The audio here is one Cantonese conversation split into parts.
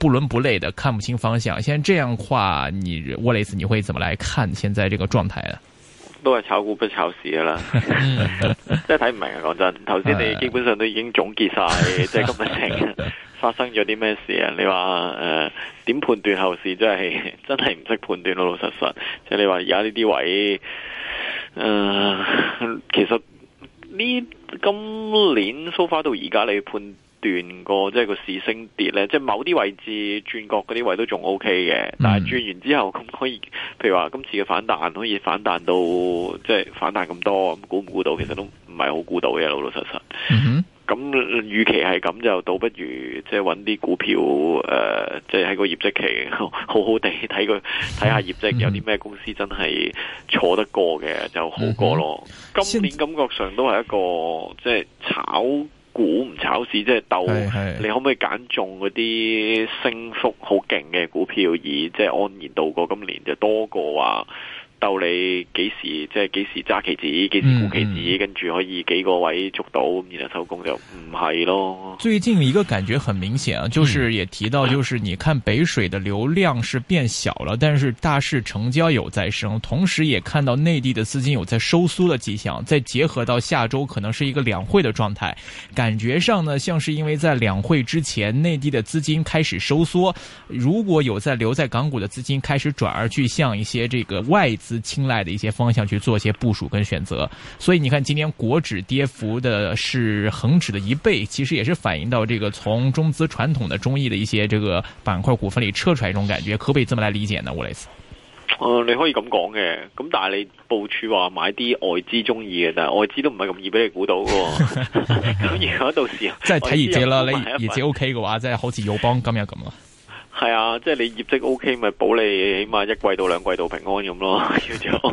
不倫不類的，看不清方向。先這樣話，你 Wallace 你會怎麼來看現在這個狀態啊？都係炒股不炒市啦，即係睇唔明啊！講真，頭先你基本上都已經總結晒，即係 今日發生咗啲咩事啊？你話誒，點、呃、判斷後市？就是、真係真係唔識判斷老老實實。即、就、係、是、你話而家呢啲位，誒、呃，其實呢今年 so far 到而家你判斷過即係個市升跌咧，即係某啲位置轉角嗰啲位置都仲 O K 嘅，但係轉完之後咁，可、可以，譬如話今次嘅反彈可以反彈到即係反彈咁多，估唔估到其實都唔係好估到嘅，老老實實。咁與其係咁就倒不如即係揾啲股票誒，即係喺個業績期好好地睇佢，睇下業績，嗯、哼有啲咩公司真係坐得過嘅就好過咯。嗯、哼今年感覺上都係一個即係炒。股唔炒市即係鬥，就是、是是你可唔可以揀中嗰啲升幅好勁嘅股票，以即係安然度過今年就多過啊？逗你幾時？即係幾時揸旗子？幾時沽旗子？嗯、跟住可以幾個位捉到，然後收工就唔係咯。最近一個感覺很明顯就是也提到，就是你看北水的流量是變小了，嗯、但是大市成交有在升，同時也看到內地的資金有在收縮的迹象。再結合到下周可能是一個兩會的狀態，感覺上呢，像是因為在兩會之前，內地的資金開始收縮，如果有在留在港股的資金開始轉而去向一些這個外資。青睞的一些方向去做一些部署跟選擇，所以你看今天國指跌幅的是恒指的一倍，其實也是反映到這個從中資傳統的中意的一些這個板塊股份裏撤出來一種感覺，可不可以這麼來理解呢？我雷思？呃，你可以咁講嘅，咁但係你部署話買啲外資中意嘅，但係外資都唔係咁易俾你估到㗎，咁如果到時候即係睇業績啦，你業績 OK 嘅話，即係好似友邦今日咁啊。 係啊，即係你業績 O K，咪保你起碼一季到兩季度平安咁咯，叫做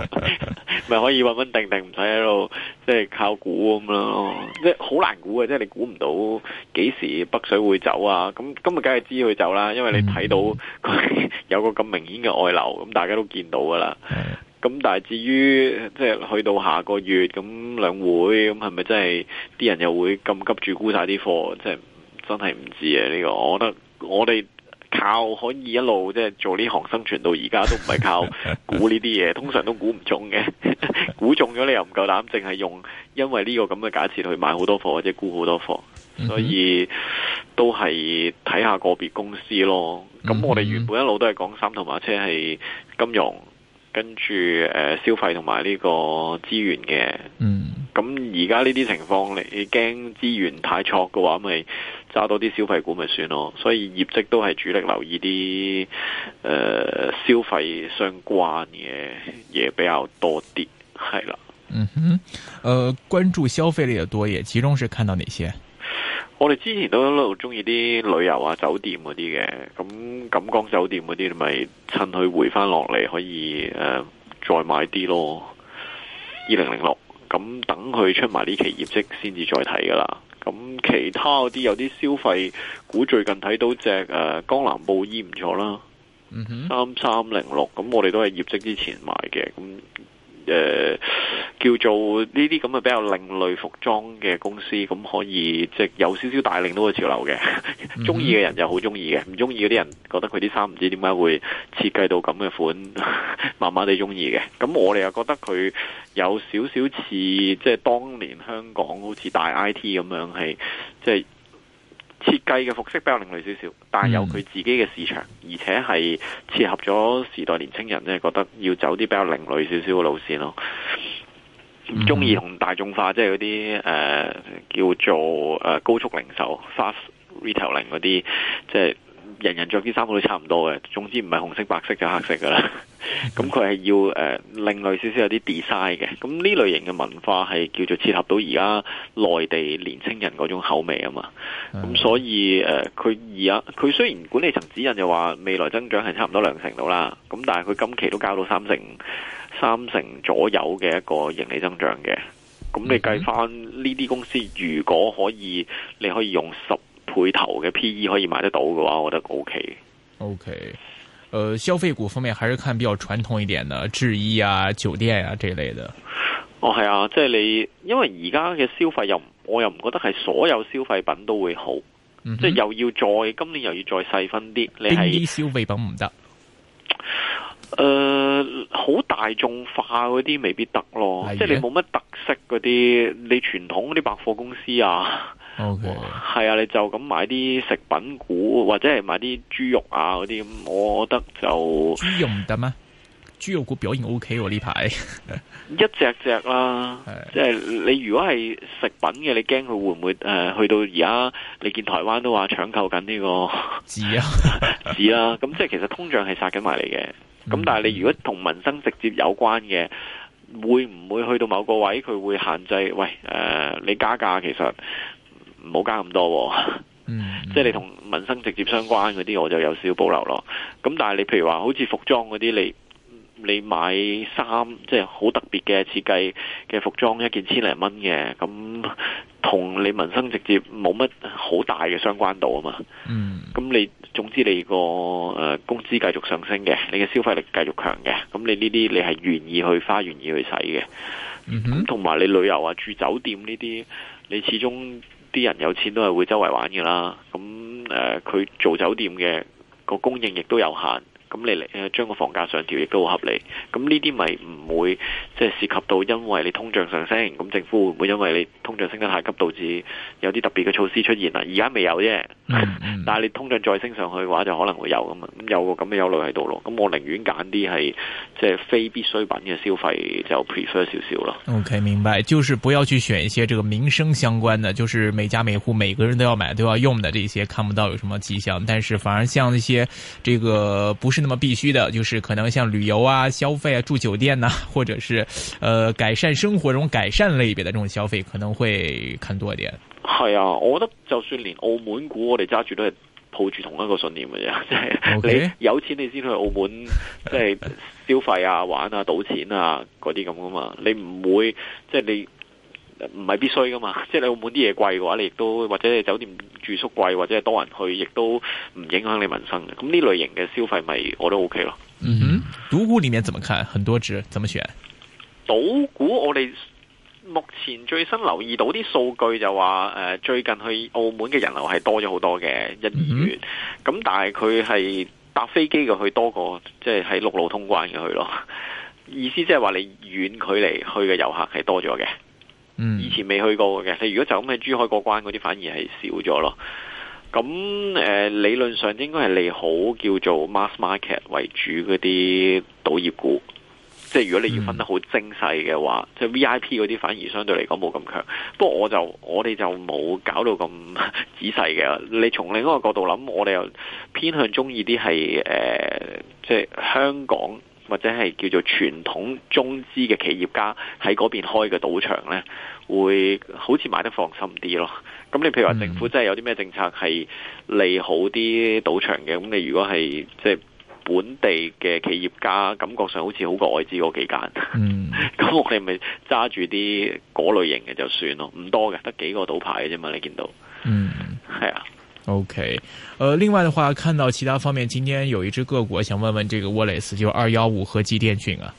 咪 可以穩穩定定，唔使喺度即係靠估咁咯。即係好難估嘅，即係你估唔到幾時北水會走啊。咁今日梗係知佢走啦，因為你睇到佢有個咁明顯嘅外流，咁大家都見到噶啦。咁但係至於即係去到下個月咁兩會咁，係咪真係啲人又會咁急住沽晒啲貨？即係真係唔知啊。呢、呢個我覺得我哋。靠可以一路即係做呢行生存到而家都唔係靠估呢啲嘢， 通常都估唔中嘅。估中咗你又唔夠膽，淨係用因為呢個咁嘅假設去買好多貨或者沽好多貨，所以都係睇下個別公司咯。咁 我哋原本一路都係講三頭馬車係金融，跟住誒、呃、消費同埋呢個資源嘅。嗯。 咁而家呢啲情況你驚資源太錯嘅話，咪揸多啲消費股咪算咯。所以業績都係主力留意啲誒、呃、消費相關嘅嘢比較多啲，係啦。嗯哼，誒、呃，關注消費類嘅多嘢，其中是看到哪些？我哋之前都一路中意啲旅遊啊、酒店嗰啲嘅。咁錦江酒店嗰啲咪趁佢回翻落嚟，可以誒、呃、再買啲咯。二零零六。咁等佢出埋呢期業績先至再睇噶啦，咁其他嗰啲有啲消費股最近睇到隻、呃、江南布衣唔錯啦，三三零六，咁我哋都係業績之前買嘅，咁。誒、呃、叫做呢啲咁嘅比較另類服裝嘅公司，咁可以即係、就是、有少少帶領到潮流嘅。中意嘅人就好中意嘅，唔中意嗰啲人覺得佢啲衫唔知點解會設計到咁嘅款，麻 麻地中意嘅。咁我哋又覺得佢有少少似即係當年香港好似大 IT 咁樣，係即係。就是設計嘅服飾比較另類少少，但有佢自己嘅市場，而且係切合咗時代年輕人咧，覺得要走啲比較另類少少嘅路線咯。唔中意同大眾化，即係嗰啲誒叫做誒、呃、高速零售 fast retailing 嗰啲，即係。人人著啲衫褲都差唔多嘅，總之唔係紅色、白色就黑色噶啦。咁佢係要誒另類少少有啲 design 嘅，咁呢類型嘅文化係叫做切合到而家內地年輕人嗰種口味啊嘛。咁所以誒，佢而家佢雖然管理層指引就話未來增長係差唔多兩成到啦，咁但係佢今期都交到三成三成左右嘅一個盈利增長嘅。咁你計返呢啲公司，如果可以，你可以用十。配頭嘅 P E 可以買得到嘅話，我覺得 OK。O K，誒，消費股方面還是看比較傳統一點嘅，製衣啊、酒店啊這類嘅。哦，係啊，即係你，因為而家嘅消費又，我又唔覺得係所有消費品都會好，嗯、哼即係又要再今年又要再細分啲。你衣消費品唔得。誒、呃，好大眾化嗰啲未必得咯，人即係你冇乜特色嗰啲，你傳統嗰啲百貨公司啊。O Okay .係啊，你就咁買啲食品股，或者係買啲豬肉啊嗰啲，咁我覺得就豬肉唔得咩？豬肉股表現 O K 喎，呢排 一隻隻啦，是即係你如果係食品嘅，你驚佢會唔會誒、呃、去到而家？你見台灣都話搶購緊呢個紙啊紙啊，咁 即係其實通脹係殺緊埋嚟嘅。咁但係你如果同民生直接有關嘅，會唔會去到某個位佢會限制？喂，誒、呃，你加價其實？唔好加咁多，啊，嗯嗯、即係你同民生直接相關嗰啲，我就有少少保留咯。咁但係你譬如話好似服裝嗰啲，你你買衫即係好特別嘅設計嘅服裝一件千零蚊嘅，咁同你民生直接冇乜好大嘅相關度啊嘛。咁、嗯、你總之你個誒工資繼續上升嘅，你嘅消費力繼續強嘅，咁你呢啲你係願意去花，願意去使嘅。咁同埋你旅遊啊，住酒店呢啲，你始終。啲人有錢都係會周圍玩嘅啦，噉，誒佢做酒店嘅個供應亦都有限。咁你嚟將個房價上調亦都好合理。咁呢啲咪唔會即係、就是、涉及到，因為你通脹上升，咁政府會唔會因為你通脹升得太急，導致有啲特別嘅措施出現啊？現沒而家未有啫，嗯、但係你通脹再升上去嘅話，就可能會有咁嘛。咁有個咁嘅憂慮喺度咯。咁我寧願揀啲係即係非必需品嘅消費就，就 prefer 少少咯。OK，明白，就是不要去選一些這個民生相關的，就是每家每戶、每個人都要買、都要用的這些，看不到有什麼跡象。但是反而像一些這個不是，那麼必須的，就是可能像旅遊啊、消費啊、住酒店啊，或者是，呃，改善生活這種改善類別的這種消費，可能會看多一點。係啊，我覺得就算連澳門股，我哋揸住都係抱住同一個信念嘅啫，即係，Okay? 你有錢你先去澳門，即係消費啊、玩啊、賭錢啊嗰啲咁噶嘛，你唔會即係你。唔係必須噶嘛，即係你澳門啲嘢貴嘅話，你亦都或者你酒店住宿貴，或者係多人去，亦都唔影響你民生嘅。咁呢類型嘅消費咪我，我都 OK 咯。嗯哼，賭股裏面怎麼看？很多隻，怎麼選？賭股我哋目前最新留意到啲數據就話，誒、呃、最近去澳門嘅人流係多咗好多嘅一二月，咁，嗯哼，但係佢係搭飛機嘅去多過，即係喺陸路通關嘅去咯。意思即係話你遠距離去嘅遊客係多咗嘅。以前未去過嘅，你如果就咁喺珠海過關嗰啲，反而係少咗咯。咁誒、呃、理論上應該係利好叫做 mass market 為主嗰啲賭業股，即係如果你要分得好精細嘅話，即係、嗯、VIP 嗰啲反而相對嚟講冇咁強。不過我就我哋就冇搞到咁仔細嘅。你從另一個角度諗，我哋又偏向鍾意啲係誒，即係香港。或者係叫做傳統中資嘅企業家喺嗰邊開嘅賭場呢，會好似買得放心啲咯。咁你譬如話政府真係有啲咩政策係利好啲賭場嘅，咁你如果係即係本地嘅企業家，感覺上好似好過外資嗰幾間。咁、嗯、 我哋咪揸住啲嗰類型嘅就算咯，唔多嘅，得幾個賭牌嘅啫嘛。你見到，嗯，係啊。O、okay, K，呃，另外的話，看到其他方面，今天有一隻個股，想問問這個 Wallis 就二幺五和記電訊啊。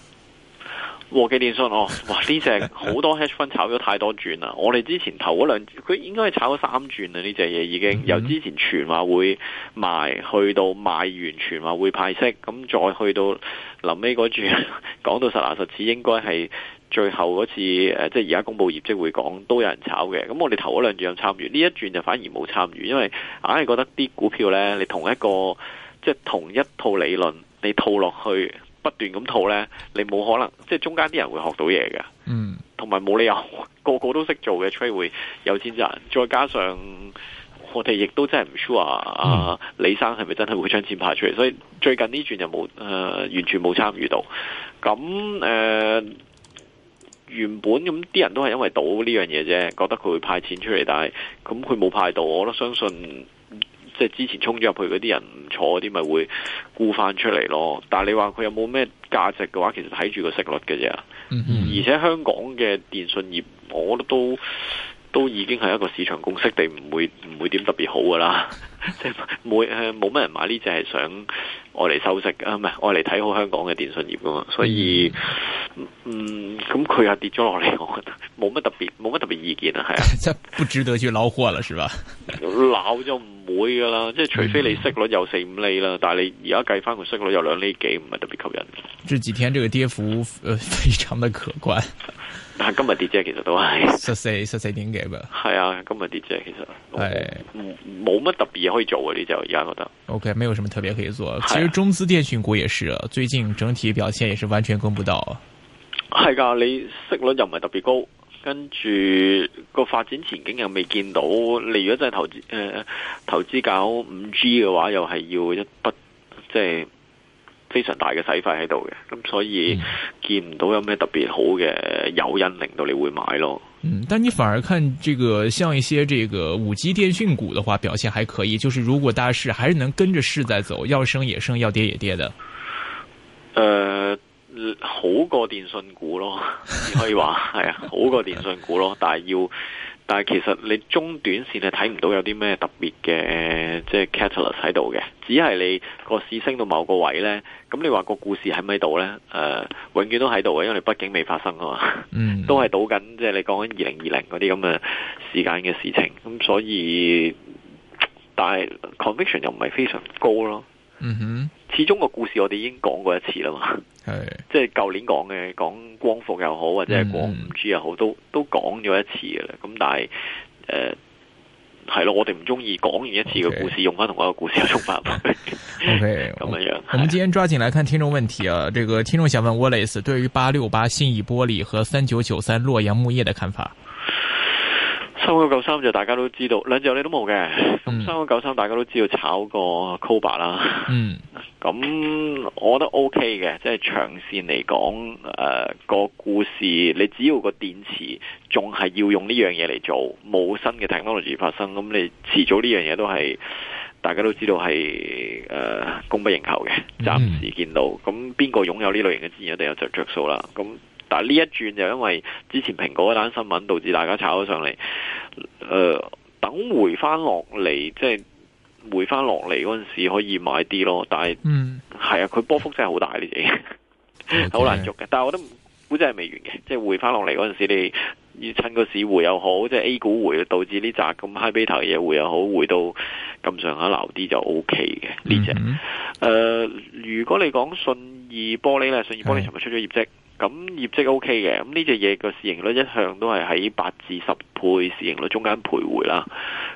和記電訊哦，哇呢隻好多 hedge fund 炒咗太多轉啦。我哋之前頭嗰兩，佢應該係炒咗三轉啦。呢隻嘢已經、嗯、由之前傳話會賣去到賣完，完傳話會派息，咁再去到臨尾嗰轉，講到實牙實齒，應該係。最後嗰次誒，即係而家公布業績會講都有人炒嘅，咁我哋頭嗰兩轉有參與，呢一轉就反而冇參與，因為硬係覺得啲股票呢，你同一個即係同一套理論，你套落去不斷咁套呢，你冇可能即係中間啲人會學到嘢嘅，嗯，同埋冇理由個個都識做嘅 trade 會有錢賺，再加上我哋亦都真係唔 sure 啊，嗯、李生係咪真係會將錢派出去？所以最近呢轉就冇誒、呃，完全冇參與到，咁誒。呃原本咁啲人都係因為賭呢樣嘢啫，覺得佢會派錢出嚟，但係咁佢冇派到，我覺得相信，即係之前沖咗入去嗰啲人唔錯嗰啲咪會沽翻出嚟咯。但係你話佢有冇咩價值嘅話，其實睇住個息率嘅啫。嗯嗯，而且香港嘅電信業，我覺得都。都已經係一個市場共識，地唔會唔會點特別好噶啦，即係冇誒冇乜人買呢，只係想愛嚟收息啊，唔係愛嚟睇好香港嘅電信業噶嘛，所以嗯咁佢又跌咗落嚟，我覺得冇乜特別冇乜特別意見啊，係啊，即係不值得去撈貨啦，係咪？ 撈就唔會噶啦，即係除非你息率有四五厘啦，但係你而家計翻個息率有兩厘幾，唔係特別吸引。這幾天這個跌幅，非常的可觀。但今日跌啫，其實都係十四十四點幾。係啊，今日跌啫，其實係冇乜特別嘢，可以做嘅呢？就而家覺得。O K，冇有什麼特別可以做。其實中資電訊股也是，是啊，最近整體表現也是完全跟不到。係噶，你息率又唔係特別高，跟住個發展前景又未見到。你如果真係投資誒、呃、投資搞五 G 嘅話，又係要一筆即係。非常大嘅使費喺度嘅，咁所以見唔到有咩特別好嘅誘因令到你會買咯。嗯，但你反而看這個像一些這個五 G 電訊股的話，表現還可以。就是如果大市還是能跟着市在走，要升也升，要跌也跌的。誒、呃，好過電訊股咯，可以話係啊，好過電訊股咯。但係要，但係其實你中短線係睇唔到有啲咩特別嘅。即係 catalyst 喺度嘅，只係你個市升到某個位咧，咁你話個故事喺唔喺度咧？誒、呃，永遠都喺度嘅，因為你畢竟未發生啊嘛。嗯、mm，hmm。都係賭緊，即、就、係、是、你講緊二零二零嗰啲咁嘅時間嘅事情。咁所以，但係 conviction 又唔係非常高咯。哼、mm，hmm。始終個故事我哋已經講過一次啦嘛。係、mm，即係舊年講嘅，講光伏又好，或者係講五 G 又好，都都講咗一次嘅啦。咁但係，誒、呃。係咯，我哋唔中意講完一次嘅故事，用翻同一個故事又觸發。OK，咁樣樣。我們今天抓緊來看聽眾問題啊， 這個聽眾想問 Wallace 對於八六八信義玻璃和三九九三洛陽木業的看法？三九九三就大家都知道，兩隻你都冇嘅。咁三九九三大家都知道炒過 Cobra 啦。嗯，咁我覺得 OK 嘅，即係長線嚟講，誒、呃、個故事你只要個電池仲係要用呢樣嘢嚟做，冇新嘅 technology 發生，咁你遲早呢樣嘢都係大家都知道係誒、呃、供不應求嘅。暫時見到，咁邊個擁有呢類型嘅資源，一定有着數啦。咁。但呢一轉就因為之前蘋果嗰單新聞導致大家炒咗上嚟。誒、呃，等回翻落嚟，即、就、係、是、回翻落嚟嗰陣時候可以買啲咯。但係，係、嗯、啊，佢波幅真係好大呢啲，好、嗯、 難捉嘅。是的但係我都不估真係未完嘅，即、就、係、是、回翻落嚟嗰陣時候你，你趁個市回又好，即、就、係、是、A 股回導致呢扎咁 high beta 嘢，回又好，回到咁上下流啲就 OK 嘅呢隻。誒、嗯嗯呃，如果你講信義玻璃咧，信義玻璃尋日出咗業績。咁業績 O K 嘅，咁呢隻嘢個市盈率一向都係喺八至十倍市盈率中間徘徊啦。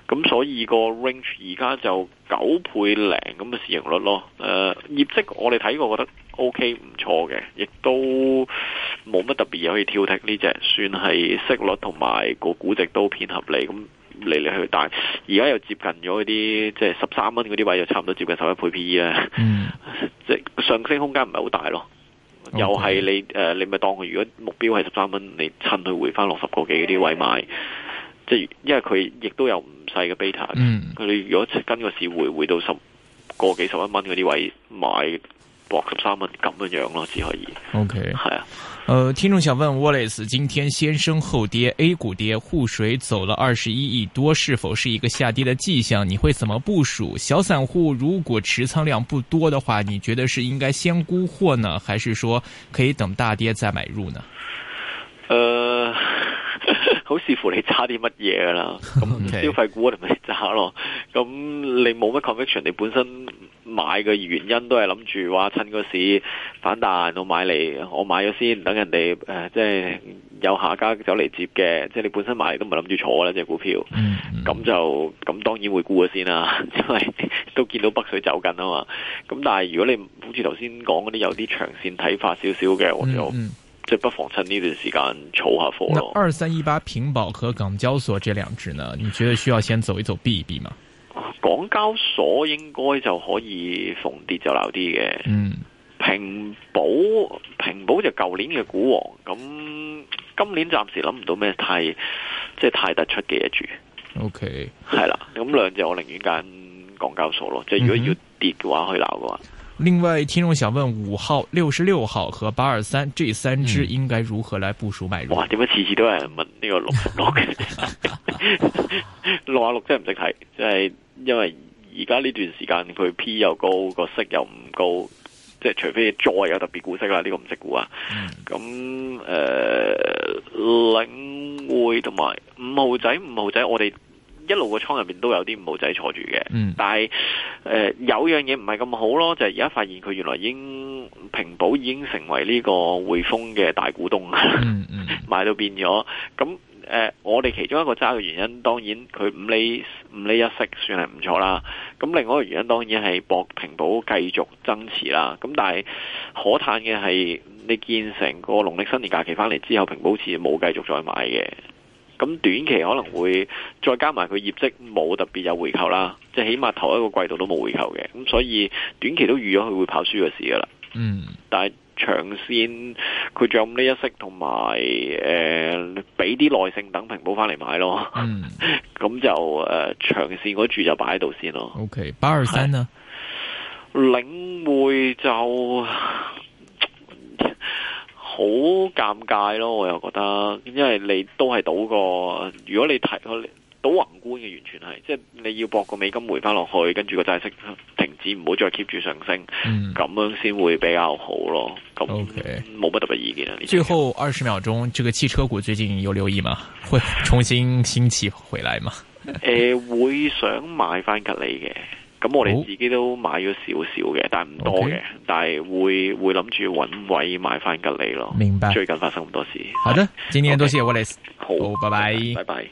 咁所以個 range 而家就九倍零咁嘅市盈率咯。誒、呃、業績我哋睇過，覺得 O K 唔錯嘅，亦都冇乜特別嘢可以挑剔呢、這、隻、個，算係息率同埋個估值都偏合理。咁嚟嚟去去，但而家又接近咗啲即係十三蚊嗰啲位，又差唔多接近十一倍 P E 啦。即係上升空間唔係好大咯。又係你誒，你咪當佢如果目標係十三蚊，你趁佢回翻六十個幾啲位買，即係因為佢亦都有唔細嘅 beta，佢如果跟個市回回到十個幾十一蚊嗰啲位買。三蚊咁樣樣咯，只可以。OK，係啊。呃，聽眾想問 Wallace，今天先升後跌，A 股跌，滬水走了二十一億多，是否是一個下跌的跡象？你會怎麼部署？小散戶如果持倉量不多的話，你覺得是應該先沽貨呢，還是說可以等大跌再買入呢？好似乎你揸啲乜嘢啦？咁消費股我哋咪揸咯。咁你冇乜 conviction，你本身買嘅原因都係諗住話趁個市反彈我買嚟，我買咗先，等人哋誒、呃、即係有下家走嚟接嘅。即係你本身買嚟都唔係諗住坐啦，隻股票。咁就咁當然會沽咗先啦，因 為都見到北水走緊啊嘛。咁但係如果你好似頭先講嗰啲有啲長線睇法少少嘅，我就。嗯嗯即不妨趁呢段時間儲下貨。二三一八平保和港交所這兩隻呢？你覺得需要先走一走避一避嗎？港交所應該就可以逢跌就鬧啲嘅。嗯，平保，平保平保就舊年嘅股王，咁今年暫時諗唔到咩太即係太突出嘅嘢住。O K，係啦，咁兩隻我寧願揀港交所咯，即係如果要跌嘅話可以鬧嘅話。嗯嗯另外，聽眾想問五號、六十六號和八二三這三支應該如何來部署買入？嗯，哇，點解次次都有人問呢個六啊六？六啊六真係唔識睇，即係因為而家呢段時間佢 P 又高，個息又唔高，即係除非再有特別股息啦，呢個唔識估啊。咁，呃，領匯同埋五號仔、五號仔，我哋。一路個倉入面都有啲五號仔坐住嘅，嗯、但係、呃、有樣嘢唔係咁好咯，就係而家發現佢原來已經平保已經成為呢個匯豐嘅大股東，嗯嗯、 買到變咗。咁、呃、我哋其中一個揸嘅原因，當然佢五厘五厘一息算係唔錯啦。咁另外一個原因當然係博平保繼續增持啦。咁但係可嘆嘅係，你見成個農曆新年假期返嚟之後，平保似冇繼續再買嘅。咁短期可能會再加埋佢，業績冇特別有回購啦，即係起碼頭一個季度都冇回購嘅，咁所以短期都預咗佢會跑輸嘅事噶啦。嗯，但係長線佢仲有呢一息，同埋誒俾啲耐性等平保翻嚟買咯。咁、嗯、 就、呃、長線嗰住就擺喺度先咯。O K，八二三呢，領匯就。 好尷尬咯，我又覺得，因為你都係賭個，如果你提到賭宏觀嘅，完全係，即係你要博個美金回翻落去，跟住個債息停止，唔好再 keep 住上升，咁、嗯、樣先會比較好咯。咁冇乜特別意見。最後二十秒鐘，呢 個汽車股最近有留意嗎？會重新興起回來嗎？會、 呃、會想買翻吉利嘅。咁我哋自己都買咗少少嘅，但唔多嘅，Okay. 但係會會諗住揾位買翻隔離咯。明白。最近發生咁多事。好，的以好，今日多謝我哋。好，拜拜。拜拜。